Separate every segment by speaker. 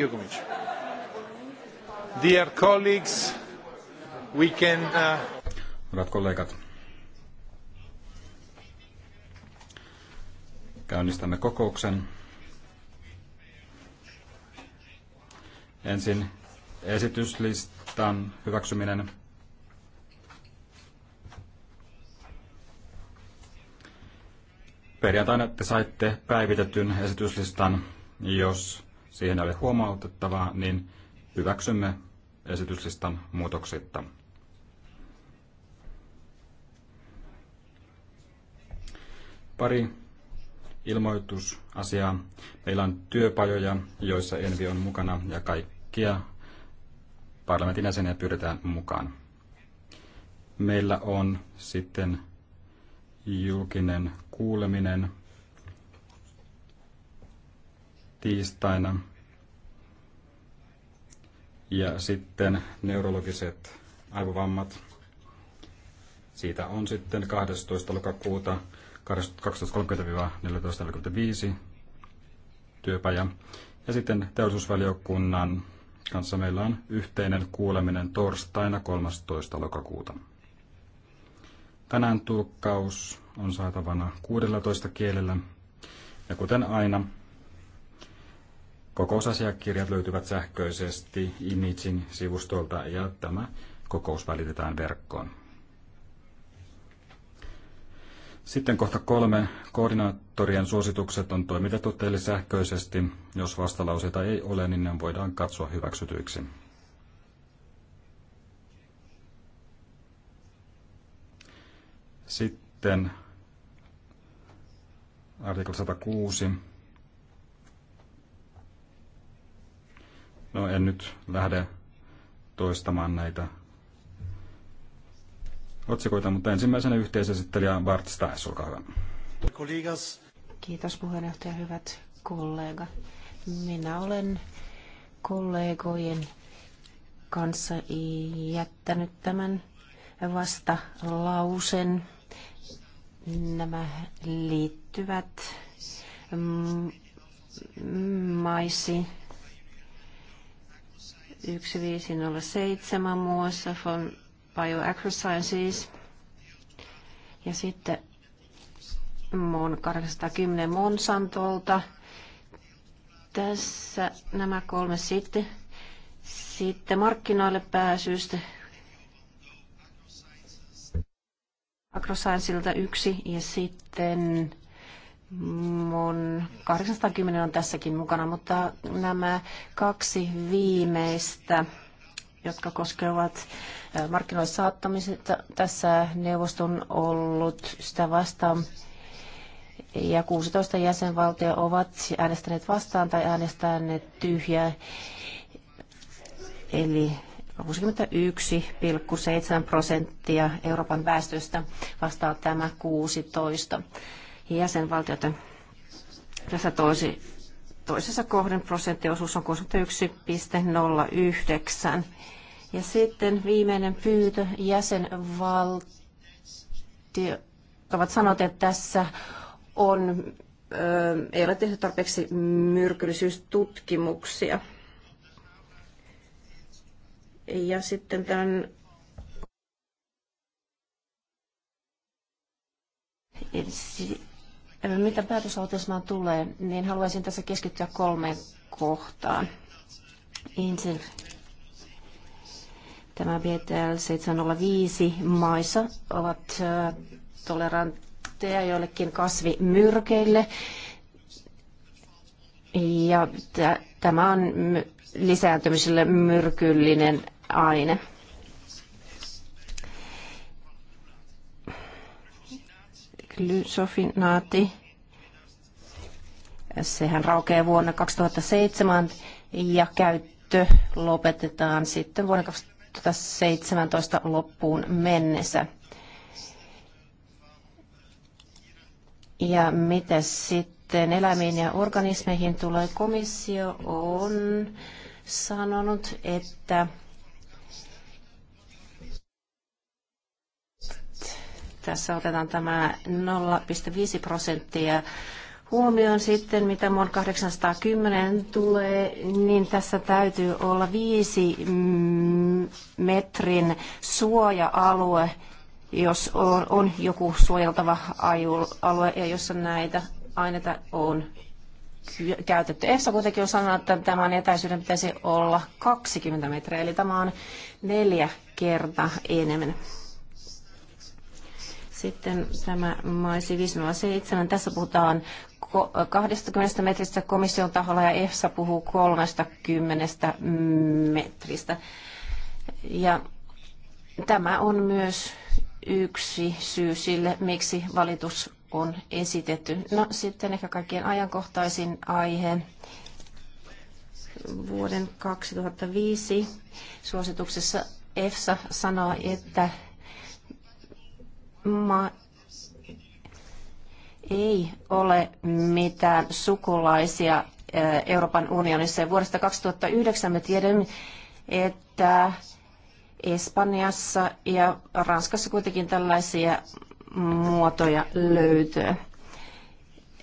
Speaker 1: Io Dear colleagues, we
Speaker 2: can... Uh,
Speaker 1: Hyvät kollegat, käynnistämme kokouksen. Ensin esityslistan hyväksyminen. Perjantaina te saitte päivitetyn esityslistan, jos siihen ei ole huomautettavaa, niin hyväksymme esityslistan muutoksitta. Pari ilmoitusasiaa. Meillä on työpajoja, joissa Envi on mukana ja kaikkia parlamentin jäseniä pyydetään mukaan. Meillä on sitten julkinen kuuleminen tiistaina. Ja sitten neurologiset aivovammat. Siitä on sitten 12. lokakuuta 2030 1445 työpaja. Ja sitten teollisuusvaliokunnan kanssa meillä on yhteinen kuuleminen torstaina 13. lokakuuta. Tänään tulkkaus on saatavana 16 kielellä. Ja kuten aina, Kokousasiakirjat löytyvät sähköisesti Imaging sivustolta ja tämä kokous välitetään verkkoon. Sitten kohta kolme. Koordinaattorien suositukset on toimitettu teille sähköisesti. Jos vastalauseita ei ole, niin ne voidaan katsoa hyväksytyiksi. Sitten artikla 106 No en nyt lähde toistamaan näitä otsikoita, mutta ensimmäisenä yhteisesittelijä Bart Stais, olkaa hyvä.
Speaker 3: Kiitos puheenjohtaja, hyvät kollega. Minä olen kollegojen kanssa jättänyt tämän vasta lausen. Nämä liittyvät maisi 1507 muassa von Bioacrosciences. ja sitten Mon 810 Monsantolta. Tässä nämä kolme sitten. Sitten markkinoille pääsystä Agrosciencesilta yksi ja sitten Mon 810 on tässäkin mukana, mutta nämä kaksi viimeistä, jotka koskevat äh, markkinoille saattamista, tässä neuvoston ollut sitä vastaan ja 16 jäsenvaltio ovat äänestäneet vastaan tai äänestäneet tyhjää, eli 61,7 prosenttia Euroopan väestöstä vastaa tämä 16 jäsenvaltiota. Tässä toisi, toisessa kohden prosenttiosuus on 61,09. Ja sitten viimeinen pyytö jäsenvaltio ovat sanoneet, että tässä on, ö, ei ole tehty tarpeeksi myrkyllisyystutkimuksia. Ja sitten tämän mitä päätöslautelmaan tulee, niin haluaisin tässä keskittyä kolmeen kohtaan. Ensin tämä BTL 705 maissa ovat tolerantteja joillekin kasvimyrkeille. Ja tämä on lisääntymiselle myrkyllinen aine. glysofinaatti. Sehän raukeaa vuonna 2007 ja käyttö lopetetaan sitten vuonna 2017 loppuun mennessä. Ja mitä sitten eläimiin ja organismeihin tulee? Komissio on sanonut, että Tässä otetaan tämä 0,5 prosenttia huomioon sitten, mitä MON 810 tulee, niin tässä täytyy olla 5 metrin suoja-alue, jos on, on joku suojeltava alue ja jossa näitä aineita on käytetty. EFSA kuitenkin on sanonut, että tämän etäisyyden pitäisi olla 20 metriä, eli tämä on neljä kertaa enemmän. Sitten tämä maisi 507. Tässä puhutaan 20 metristä komission taholla ja EFSA puhuu 30 metristä. Ja tämä on myös yksi syy sille, miksi valitus on esitetty. No sitten ehkä kaikkien ajankohtaisin aihe vuoden 2005 suosituksessa EFSA sanoi, että ma- ei ole mitään sukulaisia eh, Euroopan unionissa. Ja vuodesta 2009 me tiedämme, että Espanjassa ja Ranskassa kuitenkin tällaisia muotoja löytyy.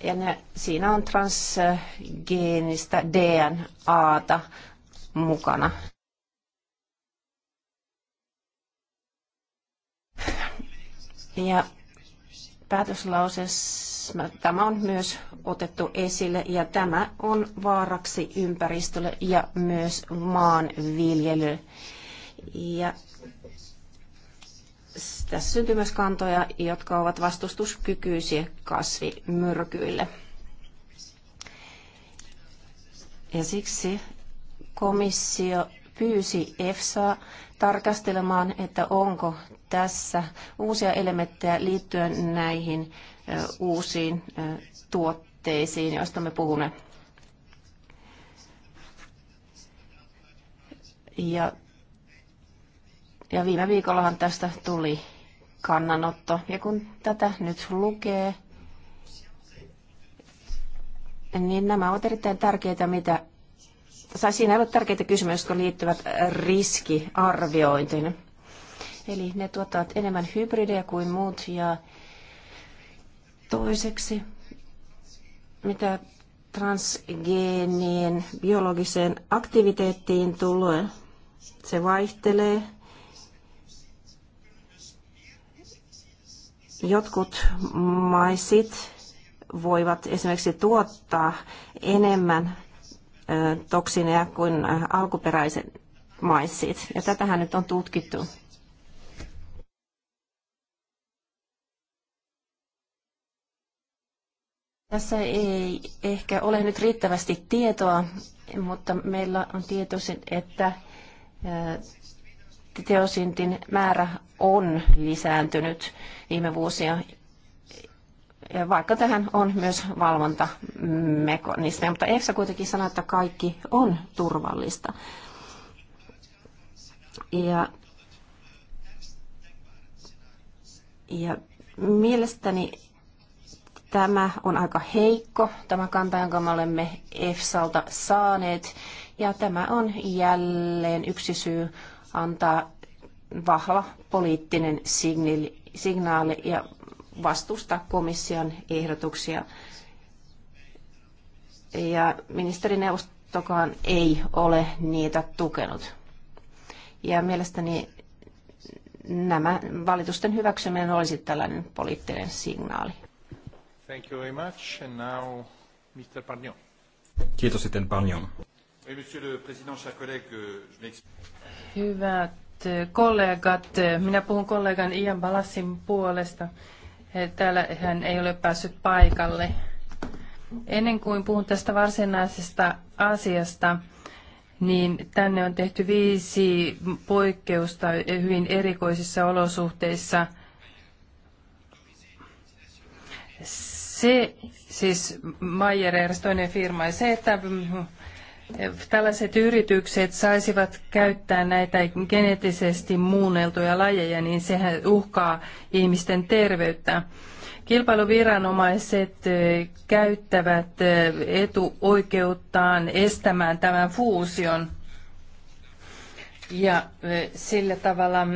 Speaker 3: Ja ne, siinä on transgeenistä DNAta mukana. Ja päätöslausessa tämä on myös otettu esille ja tämä on vaaraksi ympäristölle ja myös maanviljelylle. Ja tässä syntyy myös kantoja, jotka ovat vastustuskykyisiä kasvimyrkyille. Ja siksi komissio pyysi EFSAa tarkastelemaan, että onko tässä uusia elementtejä liittyen näihin uusiin tuotteisiin, joista me puhumme. Ja, ja viime viikollahan tästä tuli kannanotto. Ja kun tätä nyt lukee, niin nämä ovat erittäin tärkeitä, mitä tai siinä ei ole tärkeitä kysymyksiä, jotka liittyvät riskiarviointiin. Eli ne tuottavat enemmän hybridejä kuin muut ja toiseksi, mitä transgeenien biologiseen aktiviteettiin tulee, se vaihtelee. Jotkut maisit voivat esimerkiksi tuottaa enemmän toksineja kuin alkuperäiset maissit. Ja tätähän nyt on tutkittu. Tässä ei ehkä ole nyt riittävästi tietoa, mutta meillä on tietoisin, että teosintin määrä on lisääntynyt viime vuosia vaikka tähän on myös valvontamekanismeja, mutta EFSA kuitenkin sanoo, että kaikki on turvallista. Ja, ja mielestäni tämä on aika heikko, tämä kanta, jonka me olemme EFSAlta saaneet. Ja tämä on jälleen yksi syy antaa vahva poliittinen signaali, signaali ja vastusta komission ehdotuksia. Ja ministerineuvostokaan ei ole niitä tukenut. Ja mielestäni nämä valitusten hyväksyminen olisi tällainen poliittinen signaali.
Speaker 2: Thank you very much. And now Mr. Pagnon.
Speaker 1: Kiitos sitten Pagnon.
Speaker 2: Hyvät kollegat, minä puhun kollegan Ian Balassin puolesta. Täällä hän ei ole päässyt paikalle. Ennen kuin puhun tästä varsinaisesta asiasta, niin tänne on tehty viisi poikkeusta hyvin erikoisissa olosuhteissa. Se, siis Mayer eräs toinen firma, ja se, että tällaiset yritykset saisivat käyttää näitä geneettisesti muunneltuja lajeja, niin sehän uhkaa ihmisten terveyttä. Kilpailuviranomaiset eh, käyttävät eh, etuoikeuttaan estämään tämän fuusion. Ja sillä tavalla mm,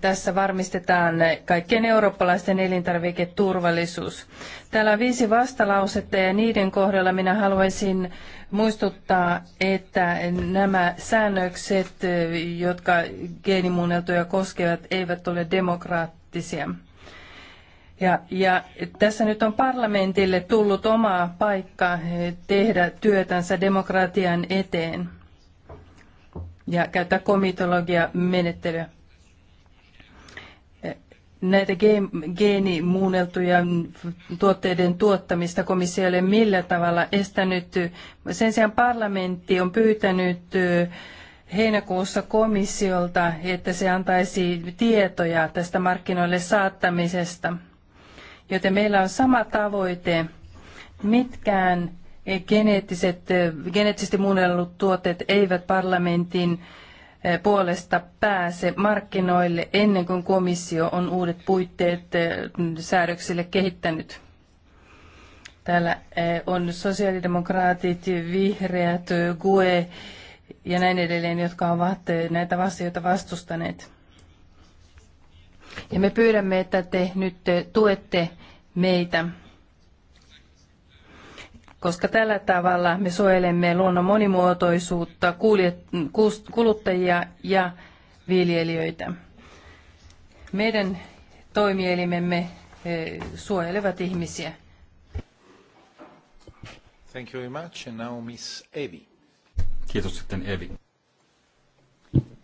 Speaker 2: tässä varmistetaan kaikkien eurooppalaisten elintarviketurvallisuus. Täällä on viisi vastalausetta ja niiden kohdalla minä haluaisin muistuttaa, että nämä säännökset, jotka geenimuunneltuja koskevat, eivät ole demokraattisia. Ja, ja tässä nyt on parlamentille tullut oma paikka tehdä työtänsä demokratian eteen ja käyttää komitologia-menettelyä. Näitä geenimuunneltuja tuotteiden tuottamista komissio ei ole millä tavalla estänyt. Sen sijaan parlamentti on pyytänyt heinäkuussa komissiolta, että se antaisi tietoja tästä markkinoille saattamisesta. Joten meillä on sama tavoite. Mitkään geneettiset, geneettisesti muunnellut tuotteet eivät parlamentin eh, puolesta pääse markkinoille ennen kuin komissio on uudet puitteet eh, säädöksille kehittänyt. Täällä eh, on sosiaalidemokraatit, vihreät, GUE ja näin edelleen, jotka ovat näitä asioita vastustaneet. Ja me pyydämme, että te nyt tuette meitä koska tällä tavalla me suojelemme luonnon monimuotoisuutta, kuluttajia ja viljelijöitä. Meidän toimielimemme eh, suojelevat ihmisiä.
Speaker 1: Thank you very much. And now Miss Evi. Kiitos sitten Evi.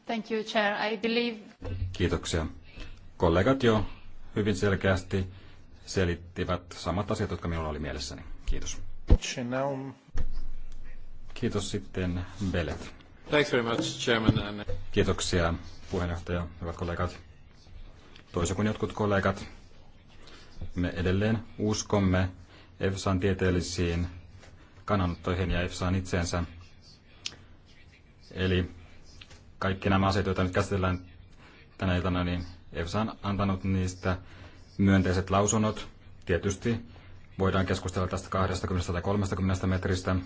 Speaker 3: Thank you, Chair. I believe...
Speaker 1: Kiitoksia. Kollegat jo hyvin selkeästi selittivät samat asiat, jotka minulla oli mielessäni. Kiitos. Kiitos sitten Belet. Thanks very much, Chairman. Kiitoksia puheenjohtaja, hyvät kollegat. Toisin kuin jotkut kollegat, me edelleen uskomme EFSAn tieteellisiin kannanottoihin ja EFSAan itseensä. Eli kaikki nämä asiat, joita nyt käsitellään tänä iltana, niin EFSA on antanut niistä myönteiset lausunnot. Tietysti Voidaan keskustella tästä 20 tai 30 metristä.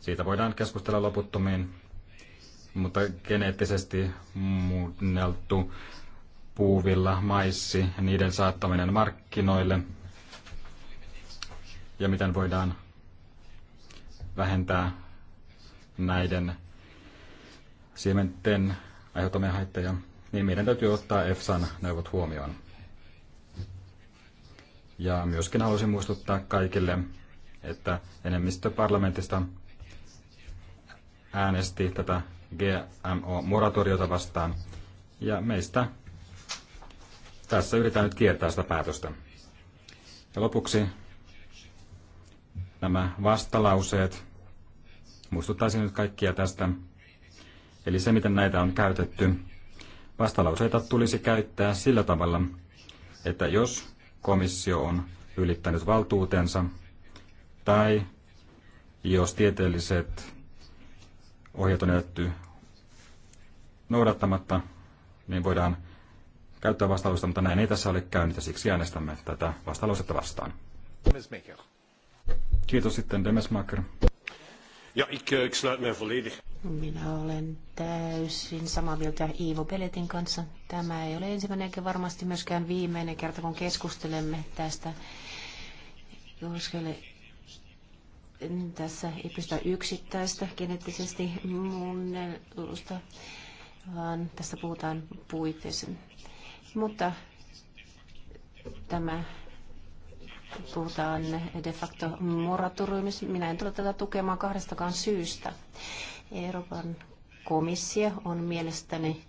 Speaker 1: Siitä voidaan keskustella loputtomiin, mutta geneettisesti muunneltu puuvilla, maissi, niiden saattaminen markkinoille ja miten voidaan vähentää näiden siementen aiheuttamia haitteja, niin meidän täytyy ottaa EFSAn neuvot huomioon. Ja myöskin haluaisin muistuttaa kaikille, että enemmistö parlamentista äänesti tätä GMO-moratoriota vastaan. Ja meistä tässä yritetään nyt kiertää sitä päätöstä. Ja lopuksi nämä vastalauseet. Muistuttaisin nyt kaikkia tästä. Eli se, miten näitä on käytetty. Vastalauseita tulisi käyttää sillä tavalla, että jos komissio on ylittänyt valtuutensa, tai jos tieteelliset ohjeet on jätetty noudattamatta, niin voidaan käyttää vastalausta, mutta näin ei tässä ole käynyt ja siksi äänestämme tätä vastalausetta vastaan. Kiitos sitten Demesmaker. Ja, ik, eh, ik sluit mij volledig.
Speaker 3: Minä olen täysin samaa mieltä Iivo Peletin kanssa. Tämä ei ole ensimmäinen eikä varmasti myöskään viimeinen kerta, kun keskustelemme tästä. Koskelle tässä ei pystytä yksittäistä geneettisesti muunnelusta, vaan tässä puhutaan puitteissa. Mutta tämä puhutaan de facto moratoriumissa. Minä en tule tätä tukemaan kahdestakaan syystä. Euroopan komissio on mielestäni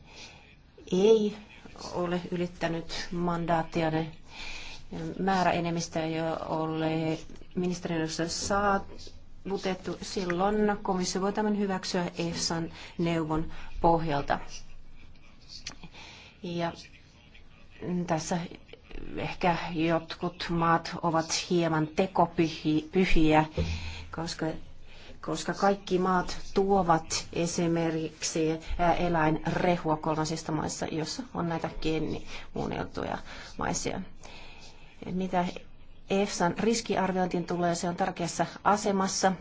Speaker 3: ei ole ylittänyt mandaattianne määräenemmistöä, jo ole ministeriössä saavutettu. Silloin komissio voi tämän hyväksyä EFSAn neuvon pohjalta. Ja tässä ehkä jotkut maat ovat hieman tekopyhiä, koska koska kaikki maat tuovat esimerkiksi eläinrehua kolmansista maissa, jossa on näitä geenimuunneltuja maisia. Mitä EFSAn riskiarviointiin tulee, se on tärkeässä asemassa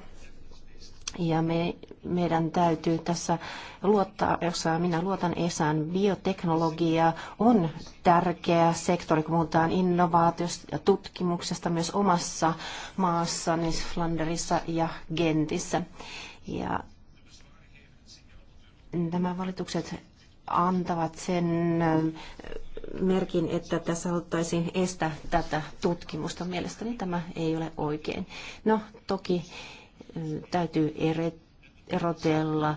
Speaker 3: ja me, meidän täytyy tässä luottaa, jos minä luotan Esan, bioteknologia on tärkeä sektori, kun puhutaan innovaatiosta ja tutkimuksesta myös omassa maassa, niin Flanderissa ja Gentissä. Ja nämä valitukset antavat sen äh, merkin, että tässä haluttaisiin estää tätä tutkimusta. Mielestäni tämä ei ole oikein. No toki täytyy erotella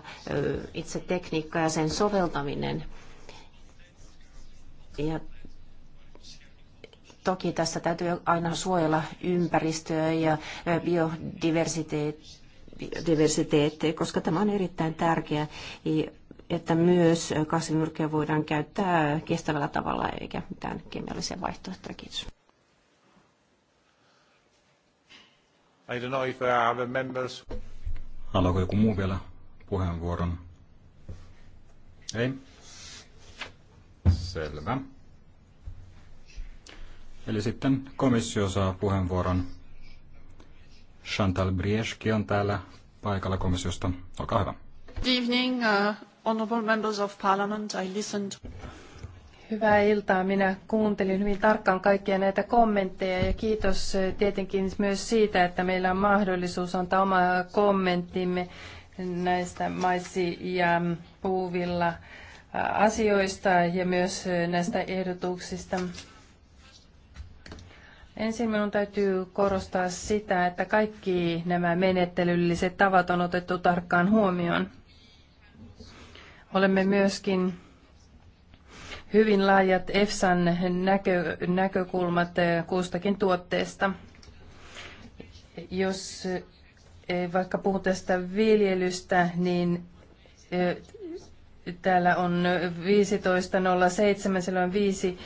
Speaker 3: itse tekniikka ja sen soveltaminen. Ja toki tässä täytyy aina suojella ympäristöä ja biodiversiteettiä, koska tämä on erittäin tärkeää, että myös kasvimyrkkyjä voidaan käyttää kestävällä tavalla eikä mitään kemiallisia vaihtoehtoja. Kiitos.
Speaker 1: I don't know if there are members. Haluaako joku muu vielä puheenvuoron? Ei? Selvä. Eli sitten komissio saa puheenvuoron. Chantal Brieski on täällä paikalla komissiosta. Olkaa hyvä.
Speaker 2: Good evening, uh, honorable members of parliament. I listened. Hyvää iltaa. Minä kuuntelin hyvin tarkkaan kaikkia näitä kommentteja ja kiitos eh, tietenkin myös siitä, että meillä on mahdollisuus antaa oma kommenttimme näistä maissi- ja puuvilla eh, asioista ja myös eh, näistä ehdotuksista. Ensin minun täytyy korostaa sitä, että kaikki nämä menettelylliset tavat on otettu tarkkaan huomioon. Olemme myöskin hyvin laajat EFSAn näkö, näkökulmat eh, kustakin tuotteesta. Jos eh, vaikka puhun tästä viljelystä, niin eh, täällä on 15.07, siellä on viisi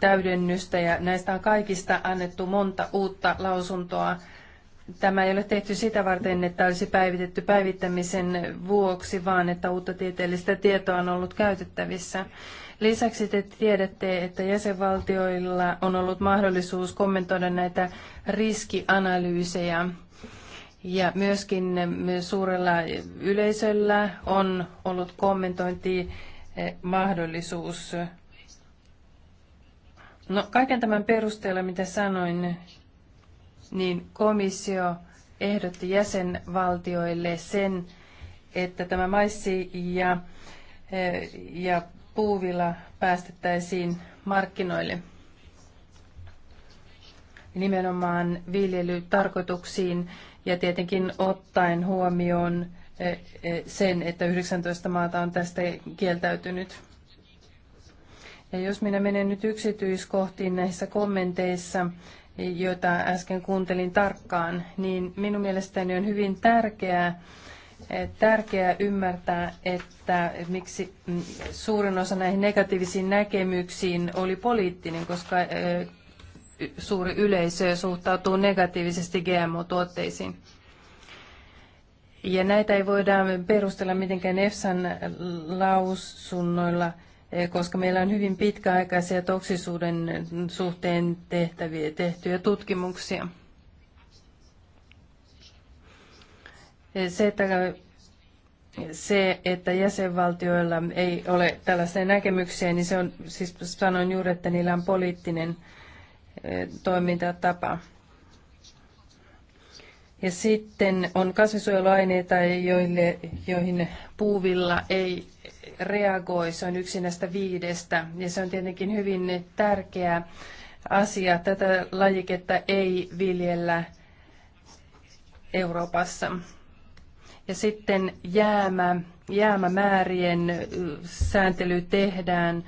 Speaker 2: täydennystä ja näistä on kaikista annettu monta uutta lausuntoa. Tämä ei ole tehty sitä varten, että olisi päivitetty päivittämisen vuoksi, vaan että uutta tieteellistä tietoa on ollut käytettävissä. Lisäksi te tiedätte, että jäsenvaltioilla on ollut mahdollisuus kommentoida näitä riskianalyysejä. Ja myöskin suurella yleisöllä on ollut kommentointimahdollisuus. No, kaiken tämän perusteella, mitä sanoin, niin komissio ehdotti jäsenvaltioille sen, että tämä maissi ja, ja puuvilla päästettäisiin markkinoille nimenomaan viljelytarkoituksiin ja tietenkin ottaen huomioon eh, eh, sen, että 19 maata on tästä kieltäytynyt. Ja jos minä menen nyt yksityiskohtiin näissä kommenteissa, joita äsken kuuntelin tarkkaan, niin minun mielestäni on hyvin tärkeää, tärkeää ymmärtää, että miksi mm, suurin osa näihin negatiivisiin näkemyksiin oli poliittinen, koska suuri yleisö suhtautuu negatiivisesti GMO-tuotteisiin. Ja näitä ei voida perustella mitenkään EFSAn lausunnoilla, koska meillä on hyvin pitkäaikaisia toksisuuden suhteen tehtäviä, tehtyjä tutkimuksia. Se, että se, että jäsenvaltioilla ei ole tällaisia näkemyksiä, niin se on, siis sanoin juuri, että niillä on poliittinen eh, toimintatapa. Ja sitten on kasvisuojeluaineita, joille, joihin puuvilla ei reagoi. Se on yksi näistä viidestä ja se on tietenkin hyvin tärkeä asia. Tätä lajiketta ei viljellä Euroopassa. Ja sitten jäämä, jäämämäärien sääntely tehdään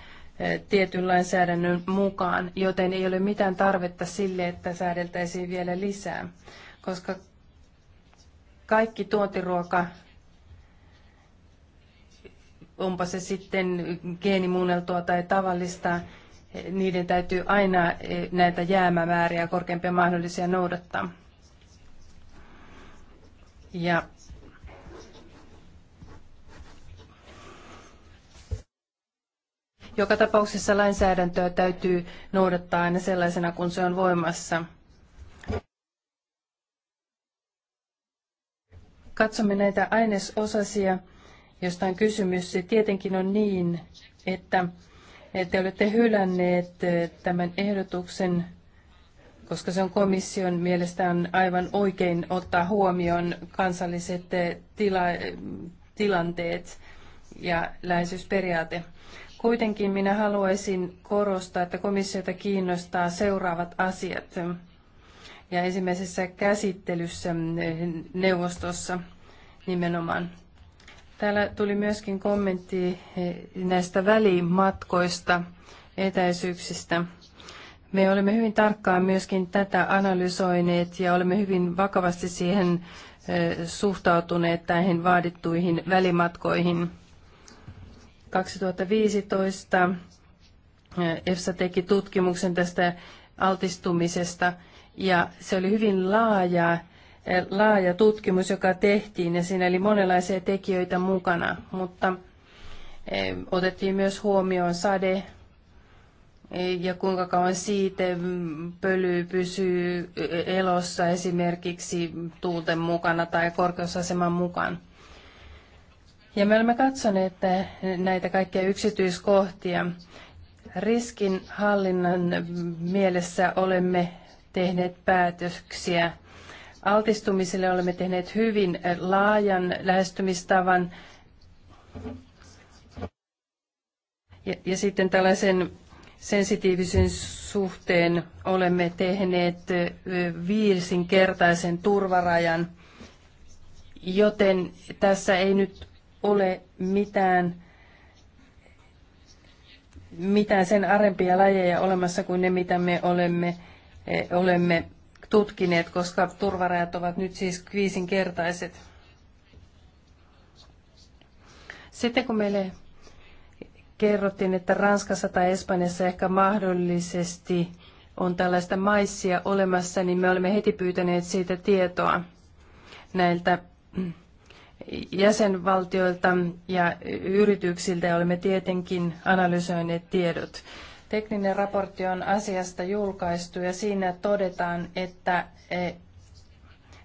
Speaker 2: tietyn lainsäädännön mukaan, joten ei ole mitään tarvetta sille, että säädeltäisiin vielä lisää, koska kaikki tuontiruoka, onpa se sitten geenimuunneltua tai tavallista, niiden täytyy aina näitä jäämämääriä korkeampia mahdollisia noudattaa. Ja Joka tapauksessa lainsäädäntöä täytyy noudattaa aina sellaisena, kun se on voimassa. Katsomme näitä ainesosasia, josta on kysymys. Tietenkin on niin, että te olette hylänneet tämän ehdotuksen, koska se on komission mielestään aivan oikein ottaa huomioon kansalliset tila, tilanteet ja läheisyysperiaate. Kuitenkin minä haluaisin korostaa, että komissiota kiinnostaa seuraavat asiat. Ja ensimmäisessä käsittelyssä eh, neuvostossa nimenomaan. Täällä tuli myöskin kommentti eh, näistä välimatkoista, etäisyyksistä. Me olemme hyvin tarkkaan myöskin tätä analysoineet ja olemme hyvin vakavasti siihen eh, suhtautuneet näihin vaadittuihin välimatkoihin. 2015 EFSA teki tutkimuksen tästä altistumisesta ja se oli hyvin laaja, laaja tutkimus, joka tehtiin ja siinä oli monenlaisia tekijöitä mukana, mutta e, otettiin myös huomioon sade ja kuinka kauan siitä pöly pysyy e, elossa esimerkiksi tuulten mukana tai korkeusaseman mukaan. Ja me olemme katsoneet eh, näitä kaikkia yksityiskohtia. Riskinhallinnan mielessä olemme tehneet päätöksiä. Altistumiselle olemme tehneet hyvin eh, laajan lähestymistavan ja, ja sitten tällaisen sensitiivisen suhteen olemme tehneet eh, viisinkertaisen turvarajan, joten tässä ei nyt ole mitään, mitään sen arempia lajeja olemassa kuin ne, mitä me olemme, eh, olemme tutkineet, koska turvarajat ovat nyt siis kriisinkertaiset. Sitten kun meille kerrottiin, että Ranskassa tai Espanjassa ehkä mahdollisesti on tällaista maissia olemassa, niin me olemme heti pyytäneet siitä tietoa näiltä jäsenvaltioilta ja yrityksiltä ja olemme tietenkin analysoineet tiedot. Tekninen raportti on asiasta julkaistu ja siinä todetaan, että e,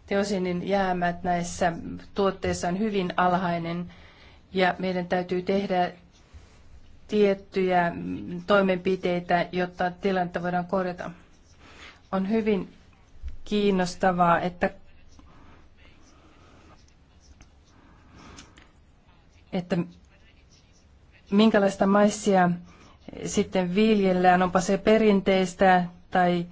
Speaker 2: teosinin jäämät näissä tuotteissa on hyvin alhainen ja meidän täytyy tehdä tiettyjä toimenpiteitä, jotta tilannetta voidaan korjata. On hyvin kiinnostavaa, että että minkälaista maissia sitten viljellään, onpa se perinteistä tai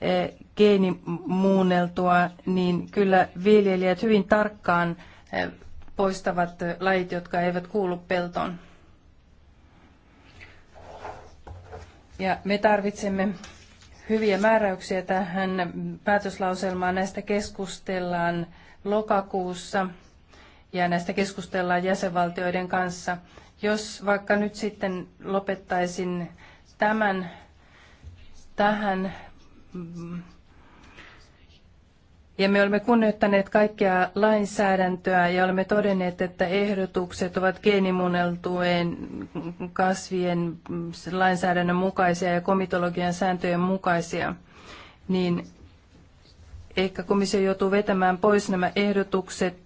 Speaker 2: e, geenimuunneltua, niin kyllä viljelijät hyvin tarkkaan e, poistavat lajit, jotka eivät kuulu peltoon. Ja me tarvitsemme hyviä määräyksiä tähän päätöslauselmaan. Näistä keskustellaan lokakuussa ja näistä keskustellaan jäsenvaltioiden kanssa. Jos vaikka nyt sitten lopettaisin tämän tähän mm, ja me olemme kunnioittaneet kaikkea lainsäädäntöä ja olemme todenneet, että ehdotukset ovat geenimuunneltujen kasvien lainsäädännön mukaisia ja komitologian sääntöjen mukaisia, niin ehkä komissio joutuu vetämään pois nämä ehdotukset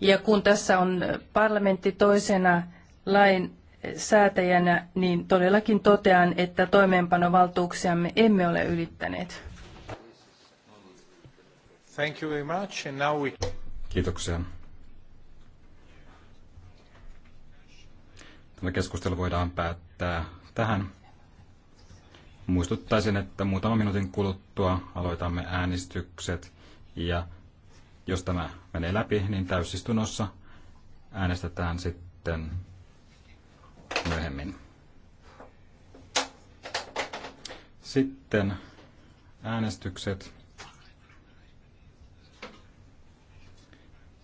Speaker 2: Ja kun tässä on parlamentti toisena lain säätäjänä, niin todellakin totean, että toimeenpanovaltuuksiamme emme ole ylittäneet. Thank you very much. And now we...
Speaker 1: Kiitoksia. Tämä keskustelu voidaan päättää tähän. Muistuttaisin, että muutaman minuutin kuluttua aloitamme äänestykset ja jos tämä menee läpi, niin täysistunnossa äänestetään sitten myöhemmin. Sitten äänestykset.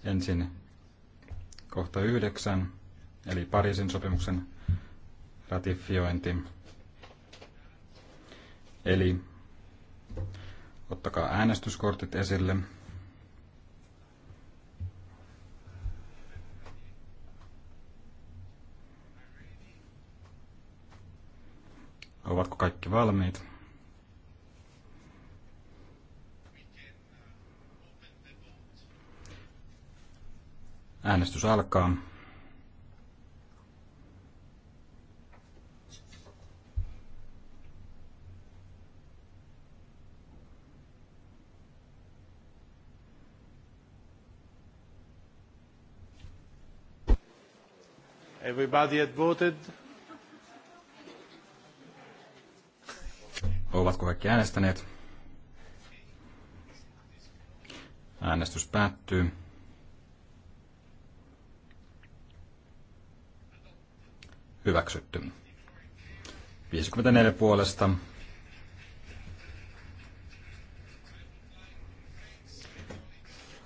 Speaker 1: Ensin kohta yhdeksän, eli Pariisin sopimuksen ratifiointi. Eli ottakaa äänestyskortit esille. Ovatko kaikki valmiit? Äänestys alkaa. Everybody had voted. Ovatko kaikki äänestäneet? Äänestys päättyy. Hyväksytty. 54 puolesta.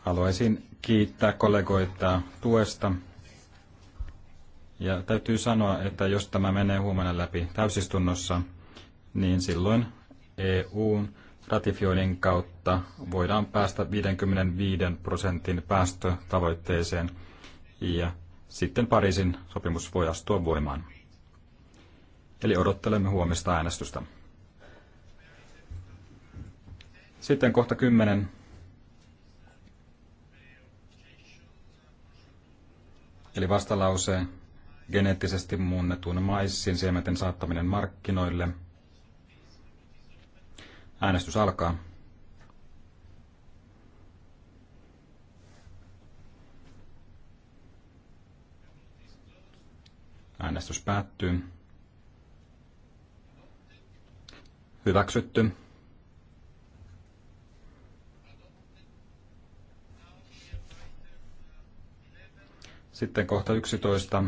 Speaker 1: Haluaisin kiittää kollegoita tuesta. Ja täytyy sanoa, että jos tämä menee huomenna läpi täysistunnossa, niin silloin EUn ratifioinnin kautta voidaan päästä 55 prosentin päästötavoitteeseen ja sitten Pariisin sopimus voi astua voimaan. Eli odottelemme huomista äänestystä. Sitten kohta 10. Eli vastalause geneettisesti muunnetun maissin siementen saattaminen markkinoille – Äänestys alkaa. Äänestys päättyy. Hyväksytty. Sitten kohta 11.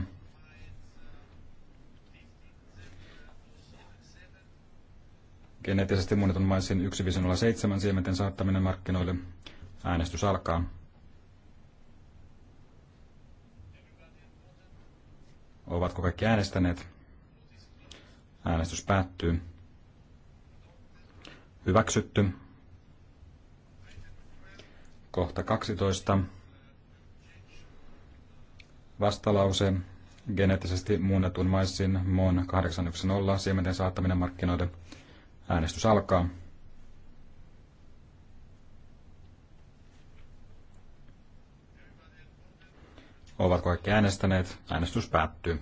Speaker 1: Geneettisesti muunnetun maissin 1507 siementen saattaminen markkinoille. Äänestys alkaa. Ovatko kaikki äänestäneet? Äänestys päättyy. Hyväksytty. Kohta 12. Vastalause. Geneettisesti muunnetun maissin MON 810 siementen saattaminen markkinoille. Äänestys alkaa. Ovatko kaikki äänestäneet? Äänestys päättyy.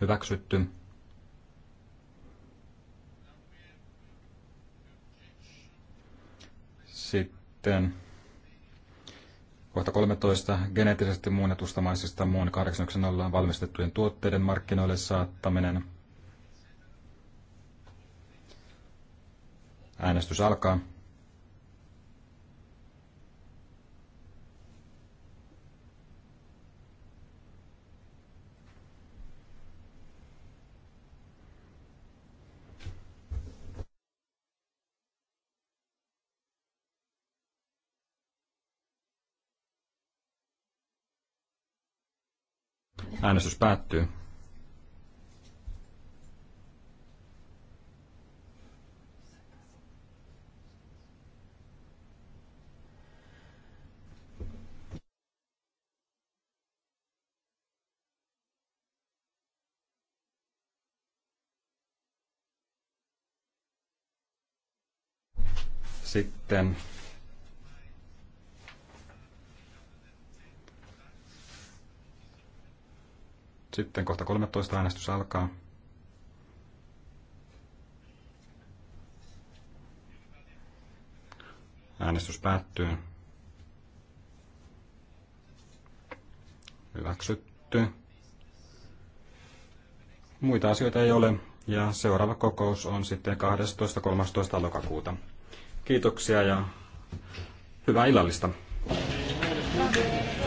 Speaker 1: Hyväksytty. Sitten kohta 13. Geneettisesti muunnetusta maisista muun 890 valmistettujen tuotteiden markkinoille saattaminen – Äänestys alkaa. Äänestys päättyy. Sitten Sitten kohta 13 äänestys alkaa. Äänestys päättyy. Hyväksytty. Muita asioita ei ole ja seuraava kokous on sitten 12.13. lokakuuta. Kiitoksia ja hyvää illallista.